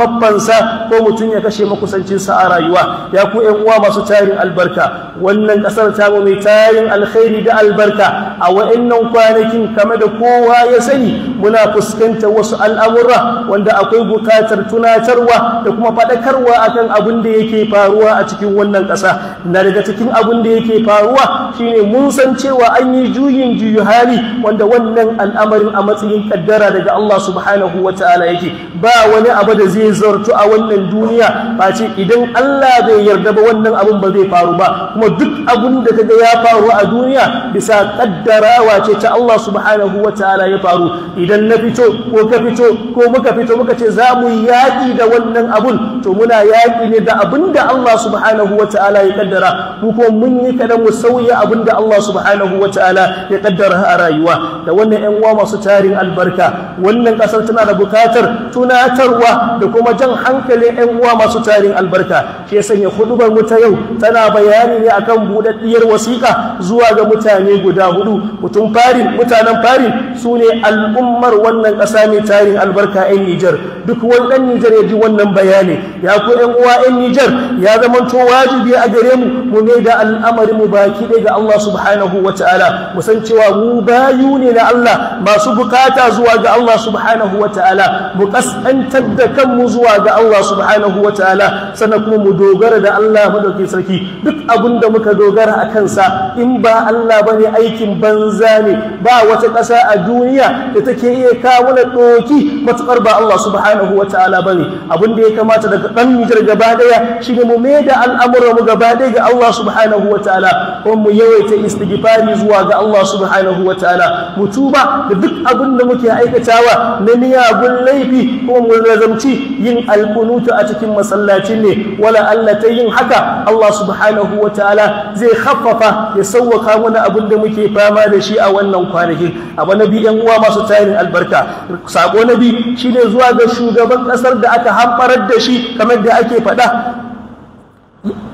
babbansa ko mutum ya kashe makusancinsa a rayuwa ya ku uwa masu tarin albarka wannan ƙasar ta mai tarin alkhairi da albarka a wa'annan kwanakin kama da kowa ya sani muna fuskanta wasu al'amura wanda akwai buƙatar tunatarwa da kuma faɗakarwa akan abin da yake faruwa a cikin wannan ƙasa na daga cikin abin da yake faruwa shine mun san cewa an yi juyin juyu hali wanda wannan al'amarin a matsayin kaddara daga Allah subhanahu wa ta'ala yake ba wani abu da zai zartu a wannan duniya ce idan Allah bai yarda ba wannan abun ba zai faru ba kuma duk abun da kaga ya faru a duniya bisa kaddarawa ce ta Allah subhanahu ta'ala ya faru idan na fito ko ka fito ko muka fito muka ce za mu yaƙi da wannan abun to muna yaƙi ne da abin da Allah subhanahu ta'ala ya kaddara mu kuma mun yi kada mu sauya abin da Allah subhanahu ta'ala ya kaddara a rayuwa da wannan ƴan uwa masu tarin albarka wannan ƙasar tana da buƙatar tunatarwa da kuma kuma jan hankalin yan uwa masu tarin albarka ke sanya hudubar mu ta yau tana bayani ne a kan buɗaɗɗiyar wasiƙa zuwa ga mutane guda hudu mutum farin mutanen farin su ne al'ummar wannan ƙasa mai tarin albarka 'yan Nijar duk wani ɗan Nijar ya ji wannan bayani ya ku 'yan uwa 'yan Nijar ya to wajibi a gare mu mu ne da al'amari mu baki ɗaya ga Allah subhanahu wa ta'ala mu san cewa mu bayu ne na Allah masu buƙata zuwa ga Allah subhanahu wa ta'ala mu ƙasƙantar da kan. mu zuwa ga Allah subhanahu wa ta'ala sana kuma mu dogara da Allah madaukin sarki duk abin da muka dogara a kansa in ba Allah bane aikin banza ne ba wata ƙasa a duniya da take iya kawo na ɗoki matuƙar ba Allah subhanahu wa ta'ala bane abin da ya kamata daga ɗan mijar gaba ɗaya ne mu mai da al'amuran mu gaba ɗaya ga Allah subhanahu wa ta'ala kuma mu yawaita istighfari zuwa ga Allah subhanahu wa ta'ala mu tuba da duk abin da muke aikatawa na miyagun laifi kuma mu lazamci yin alkunutu a cikin masallacin ne wala Allah ta yin haka Allah subhanahu wa ta'ala zai haffafa ya sauwaka mana abin da muke fama da shi a wannan kwanaki abu na biyu yan uwa masu tarin albarka sako na biyu shine zuwa ga shugaban kasar da aka hamfarar da shi kamar da ake faɗa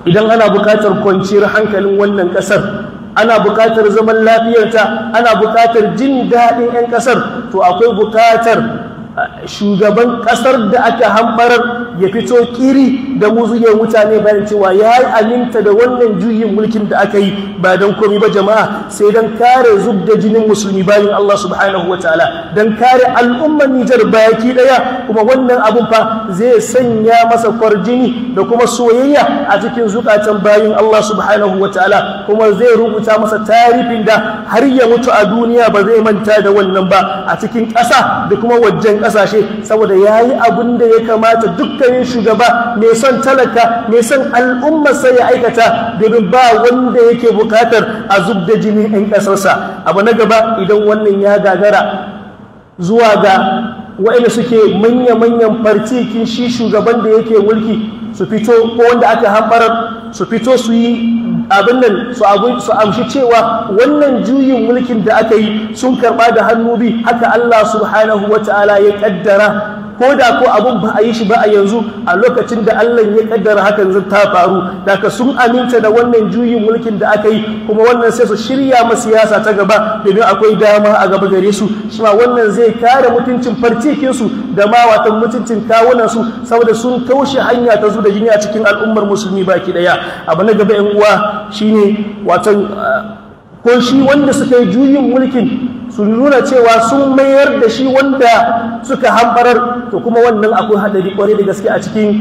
idan ana buƙatar kwanciyar hankalin wannan ƙasar ana buƙatar zaman lafiyarta ana buƙatar jin daɗin 'yan ƙasar to akwai buƙatar shugaban kasar da aka hambarar ya fito kiri da mu zuge mutane bayan cewa ya yi aminta da wannan juyin mulkin da aka yi ba don komi ba jama'a sai don kare zub da jinin musulmi bayan Allah subhanahu wa ta'ala don kare al'ummar nijar baki daya kuma wannan abin fa zai sanya masa jini da kuma soyayya a cikin zukatan bayan Allah subhanahu wa ta'ala kuma zai rubuta masa tarifin da har ya mutu a duniya ba zai manta da wannan ba a cikin ƙasa da kuma wajen ƙasashe saboda ya yi abin da ya kamata dukkanin shugaba mai son talaka mai son al'ummarsa ya aikata domin ba wanda yake bukatar a zub da jini yan ƙasarsa abu na gaba idan wannan ya gagara zuwa ga waɗanda suke manya-manyan fartikin shi shugaban da yake mulki su fito ko wanda aka hambarar su fito su yi abin nan su amshi cewa wannan juyin mulkin da aka yi sun karɓa da hannu bi haka Allah subhanahu wa ta'ala ya ƙaddara ko da ko abun ba a yi shi ba a yanzu a lokacin da Allah ya kaddara hakan zai ta faru daga sun aminta da wannan juyin mulkin da aka yi kuma wannan sai su shirya ma siyasa ta gaba domin akwai dama a gaba gare su shi wannan zai kare mutuncin farcikin su da ma watan mutuncin kawunan su saboda sun taushe hanya ta zuwa da jini a cikin al'ummar musulmi baki daya abu na gaba yan uwa shine watan ah, ko shi wanda suka yi juyin mulkin su nuna cewa sun mayar da shi wanda suka hambarar to kuma wannan akwai hadari kwarai da gaske a cikin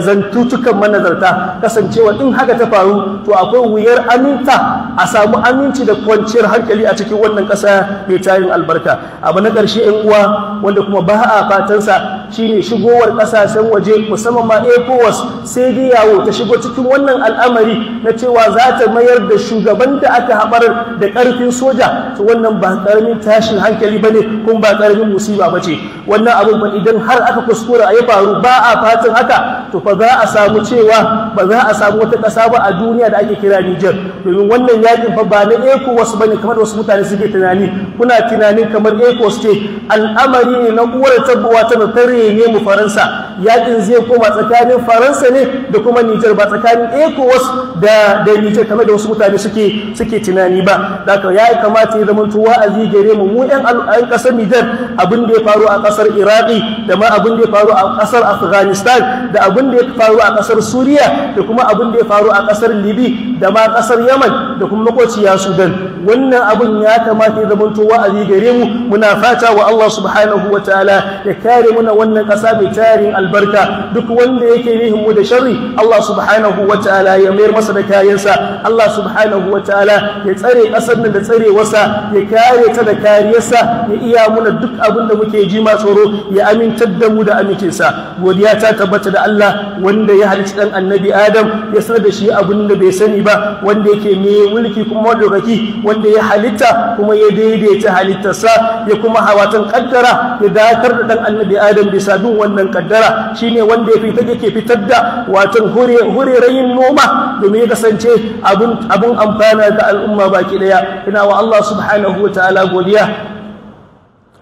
zantutukan manazarta kasancewa in haka ta faru to akwai wuyar aminta a samu aminci da kwanciyar hankali a cikin wannan ƙasa mai tayin albarka abu na ƙarshe 'yan uwa wanda kuma ba a fatansa shine shigowar kasashen waje musamman ma ECOWAS sai dai yawo ta shigo cikin wannan al'amari na cewa za ta mayar da shugaban da aka haɓar da karfin soja to wannan ba ƙaramin tashin hankali bane kuma ba ƙaramin musiba bace wannan abin ba idan har aka kuskura yi faru ba a fatan haka to fa za a samu cewa ba za a samu wata ƙasa ba a duniya da ake kira Niger domin wannan yakin fa ba na ECOWAS bane kamar wasu mutane suke tunani kuna tunanin kamar ECOWAS ce al'amari ne na uwar tabbawa ta sirri ne mu faransa yakin zai koma tsakanin faransa ne da kuma nijar ba tsakanin ecowas da da nijar kamar da wasu mutane suke suke tunani ba daga ya yi kamata ya zamanto wa'azi gare mu mu yan an kasar nijar abin da ya faru a kasar iraki da ma abin da ya faru a kasar afghanistan da abin da ya faru a kasar suriya da kuma abin da ya faru a kasar libi da ma kasar yaman da kuma makociya sudan wannan abin ya kamata ya zamanto a gare mu muna fata wa Allah subhanahu wa ta'ala ya kare muna wannan ƙasa mai tarin albarka duk wanda yake nihin mu da sharri Allah subhanahu wa ta'ala ya mayar masa da kayansa Allah subhanahu wa ta'ala ya tsare ƙasar nan da tsarewarsa ya kare ta da kariyarsa ya iya muna duk abin da muke jima tsoro ya amintar da mu da amincinsa godiya ta tabbata da Allah wanda ya halicci dan annabi Adam ya sanar da shi abin da bai sani ba wanda yake mai mulki kuma madaukaki wanda wanda ya halitta kuma ya daidaita halittarsa ya kuma hawatan kaddara ya dakar da dan annabi adam bisa bin wannan kaddara shine wanda ya fita yake fitar da watan hure yin noma domin ya kasance abun abun amfana ga al'umma baki daya ina wa Allah subhanahu wata'ala godiya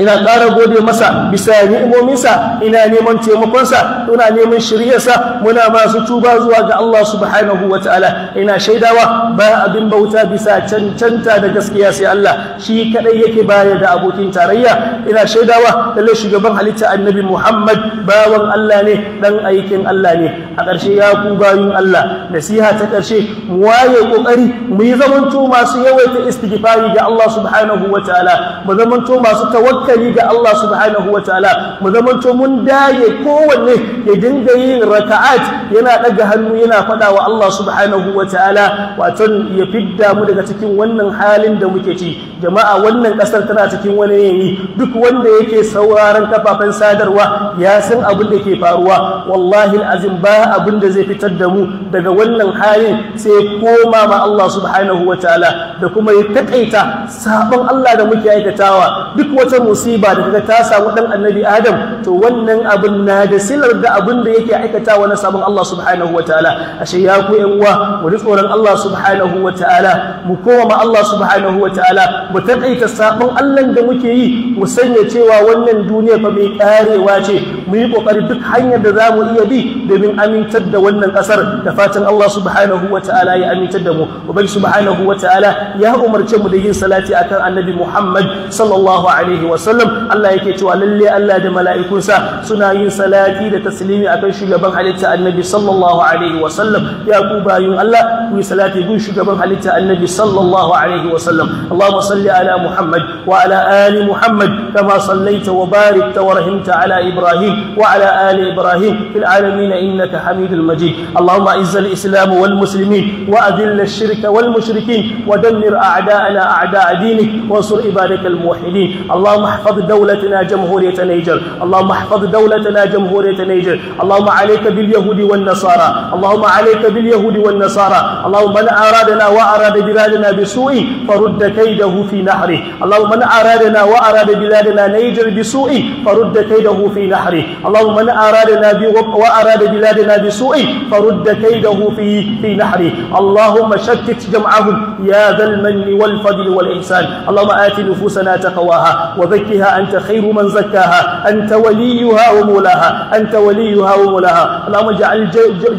ina ƙara gode masa bisa ni'imominsa ina neman taimakonsa ina neman shiryarsa muna masu tuba zuwa ga Allah subhanahu wa ta'ala ina shaidawa ba abin bauta bisa cancanta da gaskiya sai Allah shi kadai yake baya da abokin tarayya ina shaidawa lalle shugaban halitta annabi Muhammad bawan Allah ne dan aikin Allah ne a ƙarshe ya ku Allah nasiha ta ƙarshe mu waye kokari mu yi zamanto masu yawaita istighfari ga Allah subhanahu wa ta'ala mu zamanto masu tawakkali hankali ga Allah subhanahu ta'ala mu zamanto mun dage kowanne ya dinga yin raka'at yana daga hannu yana faɗawa wa Allah subhanahu ta'ala wato ya fidda mu daga cikin wannan halin da muke ci jama'a wannan kasar tana cikin wani yanayi duk wanda yake sauraron kafafen sadarwa ya san abin da ke faruwa wallahi azim ba abin da zai fitar da mu daga wannan halin sai koma ma Allah subhanahu ta'ala da kuma ya takaita sabon Allah da muke aikatawa duk wata musiba da kaga ta samu dan annabi adam to wannan abin na da silar da abin da yake aikatawa na sabon Allah subhanahu wataala ashe ya ku yan uwa mu tsoron Allah subhanahu wataala mu koma ma Allah subhanahu wataala mu taƙaita sabon Allah da muke yi mu sanya cewa wannan duniya fa mai karewa ce mu yi kokari duk hanyar da zamu iya bi domin amintar da wannan kasar da fatan Allah subhanahu wataala ya amintar da mu ubangi subhanahu wataala ya umarce mu da yin salati akan annabi Muhammad sallallahu alaihi wa wasallam Allah yake cewa lalle Allah da mala'ikunsa suna yin salati da taslimi akan shugaban halitta annabi sallallahu alaihi wasallam ya ku Allah ku yi salati gun shugaban halitta annabi sallallahu alaihi wasallam Allahumma salli ala Muhammad wa ala ali Muhammad kama sallaita wa barakta wa rahimta ala Ibrahim wa ala ali Ibrahim fil alamin innaka Hamidul Majid Allahumma izz al-islam wal muslimin wa adill ash-shirka wal mushrikin wa dammir a'da'ana a'da' dinik wa sur ibadakal muwahhidin احفظ دولتنا جمهورية نيجر اللهم احفظ دولتنا جمهورية نيجر اللهم عليك باليهود والنصارى اللهم عليك باليهود والنصارى اللهم من أرادنا وأراد بلادنا بسوء فرد كيده في نحره اللهم من أرادنا وأراد بلادنا نيجر بسوء فرد كيده في نحره اللهم من أرادنا وأراد بلادنا بسوء فرد كيده في في نحره اللهم شتت جمعهم يا ذا المن والفضل والإحسان اللهم آت نفوسنا تقواها وذكر بيتها أنت خير من زكاها أنت وليها ومولاها أنت وليها ومولاها اللهم اجعل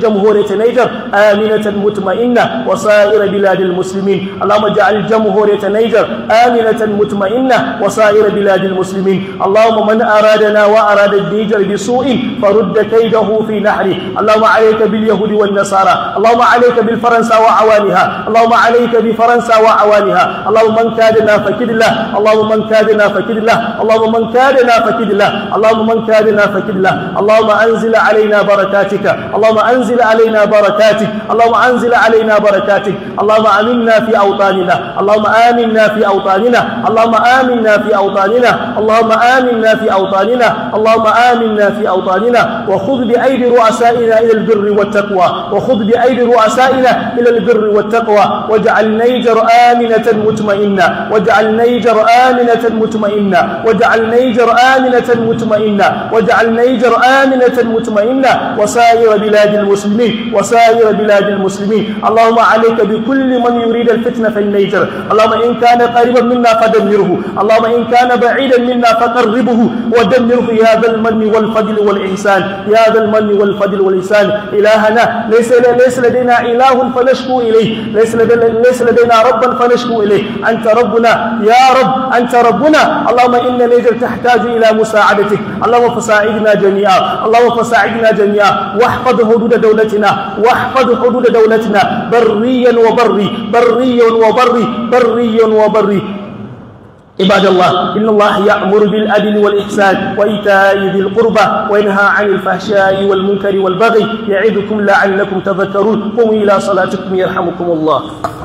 جمهورية نيجر آمنة مطمئنة وسائر بلاد المسلمين اللهم اجعل جمهورية نيجر آمنة مطمئنة وسائر بلاد المسلمين اللهم من أرادنا وأراد النيجر بسوء فرد كيده في نحره اللهم عليك باليهود والنصارى اللهم عليك بالفرنسا وعوانها اللهم عليك بفرنسا وعوانها اللهم من كادنا فكد اللهم من كادنا فكد الله اللهم من كادنا فكد الله اللهم من كادنا فكد الله اللهم أنزل علينا بركاتك اللهم أنزل علينا بركاتك اللهم أنزل علينا بركاتك اللهم آمنا في أوطاننا اللهم آمنا في أوطاننا اللهم آمنا في أوطاننا اللهم آمنا في أوطاننا اللهم آمنا في أوطاننا وخذ بأيدي رؤسائنا إلى البر والتقوى وخذ بأيدي رؤسائنا إلى البر والتقوى واجعل نيجر آمنة مطمئنة واجعل نيجر آمنة مطمئنة وجعل نيجر آمنة مطمئنة وجعل نيجر آمنة مطمئنة وسائر بلاد المسلمين وسائر بلاد المسلمين اللهم عليك بكل من يريد الفتنة في النيجر اللهم إن كان قريبا منا فدمره اللهم إن كان بعيدا منا فقربه ودمره يا ذا المن والفضل والإحسان يا ذا المن والفضل والإحسان إلهنا ليس ليس لدينا إله فنشكو إليه ليس لدينا, ليس لدينا ربا فنشكو إليه أنت ربنا يا رب أنت ربنا اللهم اللهم إن نيجر تحتاج إلى مساعدتك اللهم فساعدنا جميعا اللهم فساعدنا جميعا واحفظ حدود دولتنا واحفظ حدود دولتنا بريا وبري بريا وبري بريا وبري عباد الله إن الله يأمر بالعدل والإحسان وإيتاء ذي القربى وينهى عن الفحشاء والمنكر والبغي يعظكم لعلكم تذكرون قوموا إلى صلاتكم يرحمكم الله